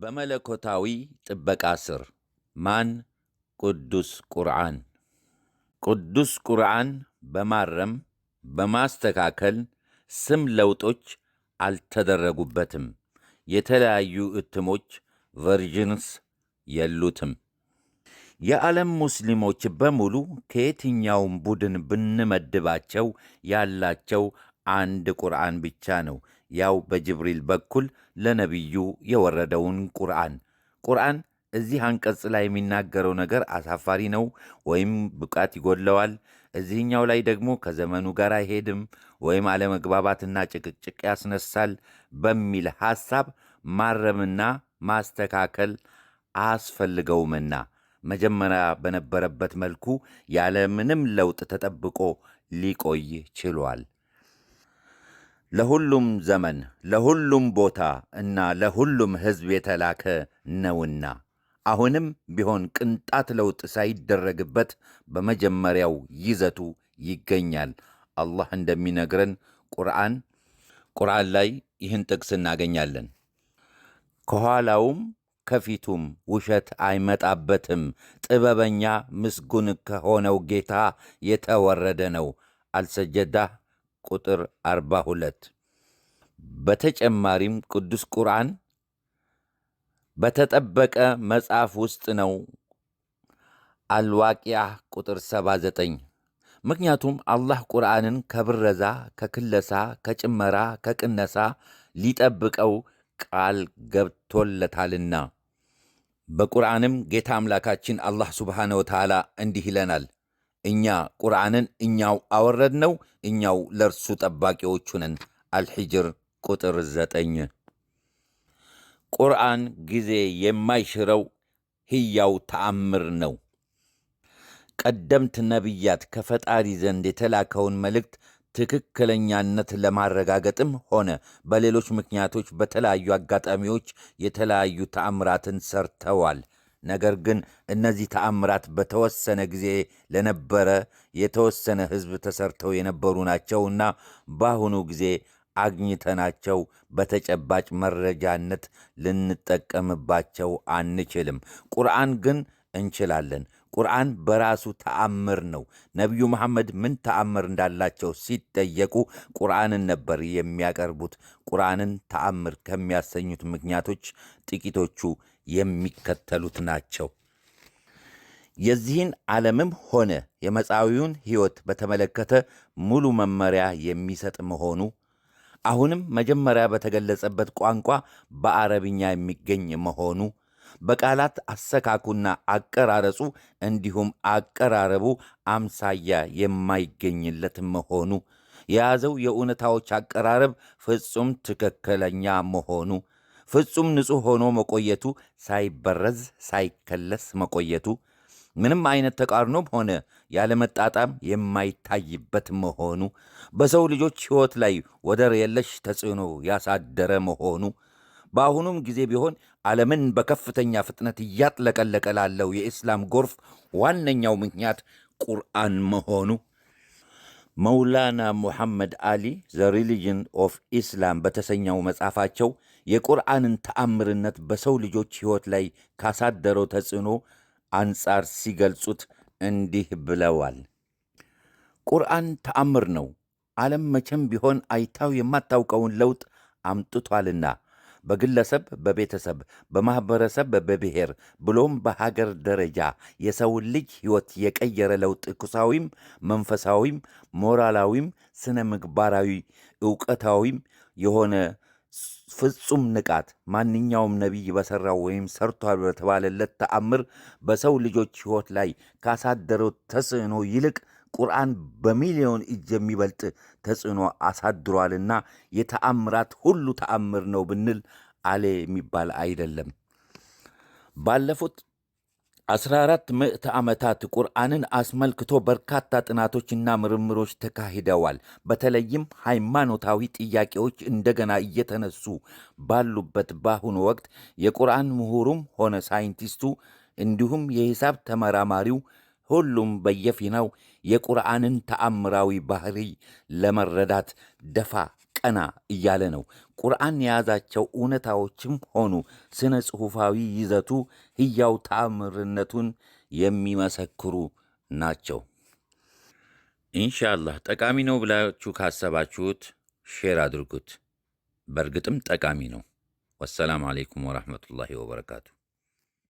በመለኮታዊ ጥበቃ ስር ማን? ቅዱስ ቁርአን። ቅዱስ ቁርአን በማረም በማስተካከል ስም ለውጦች አልተደረጉበትም። የተለያዩ እትሞች ቨርዥንስ የሉትም። የዓለም ሙስሊሞች በሙሉ ከየትኛውም ቡድን ብንመድባቸው ያላቸው አንድ ቁርአን ብቻ ነው። ያው በጅብሪል በኩል ለነቢዩ የወረደውን ቁርአን ቁርአን እዚህ አንቀጽ ላይ የሚናገረው ነገር አሳፋሪ ነው ወይም ብቃት ይጎለዋል። እዚህኛው ላይ ደግሞ ከዘመኑ ጋር አይሄድም ወይም አለመግባባትና ጭቅጭቅ ያስነሳል በሚል ሐሳብ ማረምና ማስተካከል አስፈልገውምና መጀመሪያ በነበረበት መልኩ ያለምንም ለውጥ ተጠብቆ ሊቆይ ችሏል። ለሁሉም ዘመን ለሁሉም ቦታ እና ለሁሉም ሕዝብ የተላከ ነውና አሁንም ቢሆን ቅንጣት ለውጥ ሳይደረግበት በመጀመሪያው ይዘቱ ይገኛል። አላህ እንደሚነግረን ቁርአን ቁርአን ላይ ይህን ጥቅስ እናገኛለን። ከኋላውም ከፊቱም ውሸት አይመጣበትም፣ ጥበበኛ ምስጉን ከሆነው ጌታ የተወረደ ነው። አልሰጀዳህ ቁጥር 42 በተጨማሪም ቅዱስ ቁርአን በተጠበቀ መጽሐፍ ውስጥ ነው። አልዋቂያ ቁጥር 79 ምክንያቱም አላህ ቁርአንን ከብረዛ፣ ከክለሳ፣ ከጭመራ፣ ከቅነሳ ሊጠብቀው ቃል ገብቶለታልና። በቁርአንም ጌታ አምላካችን አላህ ሱብሓነ ወተዓላ እንዲህ ይለናል እኛ ቁርአንን እኛው አወረድነው፣ እኛው ለእርሱ ጠባቂዎቹ ነን። አልሕጅር ቁጥር ዘጠኝ ቁርአን ጊዜ የማይሽረው ሕያው ተአምር ነው። ቀደምት ነቢያት ከፈጣሪ ዘንድ የተላከውን መልእክት ትክክለኛነት ለማረጋገጥም ሆነ በሌሎች ምክንያቶች በተለያዩ አጋጣሚዎች የተለያዩ ተአምራትን ሰርተዋል። ነገር ግን እነዚህ ተአምራት በተወሰነ ጊዜ ለነበረ የተወሰነ ሕዝብ ተሰርተው የነበሩ ናቸውና በአሁኑ ጊዜ አግኝተናቸው በተጨባጭ መረጃነት ልንጠቀምባቸው አንችልም። ቁርአን ግን እንችላለን። ቁርአን በራሱ ተአምር ነው። ነቢዩ መሐመድ ምን ተአምር እንዳላቸው ሲጠየቁ ቁርአንን ነበር የሚያቀርቡት። ቁርአንን ተአምር ከሚያሰኙት ምክንያቶች ጥቂቶቹ የሚከተሉት ናቸው። የዚህን ዓለምም ሆነ የመጻዊውን ሕይወት በተመለከተ ሙሉ መመሪያ የሚሰጥ መሆኑ አሁንም መጀመሪያ በተገለጸበት ቋንቋ በአረብኛ የሚገኝ መሆኑ በቃላት አሰካኩና አቀራረጹ እንዲሁም አቀራረቡ አምሳያ የማይገኝለት መሆኑ የያዘው የእውነታዎች አቀራረብ ፍጹም ትክክለኛ መሆኑ ፍጹም ንጹሕ ሆኖ መቆየቱ፣ ሳይበረዝ ሳይከለስ መቆየቱ፣ ምንም አይነት ተቃርኖም ሆነ ያለመጣጣም የማይታይበት መሆኑ፣ በሰው ልጆች ሕይወት ላይ ወደር የለሽ ተጽዕኖ ያሳደረ መሆኑ በአሁኑም ጊዜ ቢሆን ዓለምን በከፍተኛ ፍጥነት እያጥለቀለቀ ላለው የኢስላም ጎርፍ ዋነኛው ምክንያት ቁርአን መሆኑ መውላና ሙሐመድ አሊ ዘ ሪሊጅን ኦፍ ኢስላም በተሰኘው መጽሐፋቸው የቁርአንን ተአምርነት በሰው ልጆች ሕይወት ላይ ካሳደረው ተጽዕኖ አንጻር ሲገልጹት እንዲህ ብለዋል። ቁርአን ተአምር ነው። ዓለም መቼም ቢሆን አይታው የማታውቀውን ለውጥ አምጥቷልና በግለሰብ፣ በቤተሰብ፣ በማኅበረሰብ፣ በብሔር ብሎም በሀገር ደረጃ የሰውን ልጅ ሕይወት የቀየረ ለውጥ ቁሳዊም፣ መንፈሳዊም፣ ሞራላዊም፣ ስነ ምግባራዊ፣ ዕውቀታዊም የሆነ ፍጹም ንቃት ማንኛውም ነቢይ በሠራው ወይም ሰርቷል በተባለለት ተአምር በሰው ልጆች ሕይወት ላይ ካሳደረው ተጽዕኖ ይልቅ ቁርአን በሚሊዮን እጅ የሚበልጥ ተጽዕኖ አሳድሯልና የተአምራት ሁሉ ተአምር ነው ብንል አሌ የሚባል አይደለም። ባለፉት 14 ምዕተ ዓመታት ቁርአንን አስመልክቶ በርካታ ጥናቶችና ምርምሮች ተካሂደዋል። በተለይም ሃይማኖታዊ ጥያቄዎች እንደገና እየተነሱ ባሉበት በአሁኑ ወቅት የቁርአን ምሁሩም ሆነ ሳይንቲስቱ እንዲሁም የሂሳብ ተመራማሪው ሁሉም በየፊናው የቁርአንን ተአምራዊ ባህሪ ለመረዳት ደፋ ቀና እያለ ነው። ቁርአን የያዛቸው እውነታዎችም ሆኑ ስነ ጽሑፋዊ ይዘቱ ሕያው ተአምርነቱን የሚመሰክሩ ናቸው። ኢንሻአላህ ጠቃሚ ነው ብላችሁ ካሰባችሁት ሼር አድርጉት። በእርግጥም ጠቃሚ ነው። ወሰላም አሌይኩም ወረሕመቱላሂ ወበረካቱ።